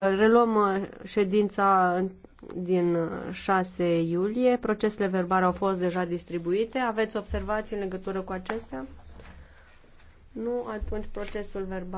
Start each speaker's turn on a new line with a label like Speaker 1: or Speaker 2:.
Speaker 1: Reluăm uh, ședința din 6 uh, iulie. Procesele
Speaker 2: verbale au fost deja distribuite. Aveți observații în legătură cu acestea?
Speaker 3: Nu? Atunci procesul verbal.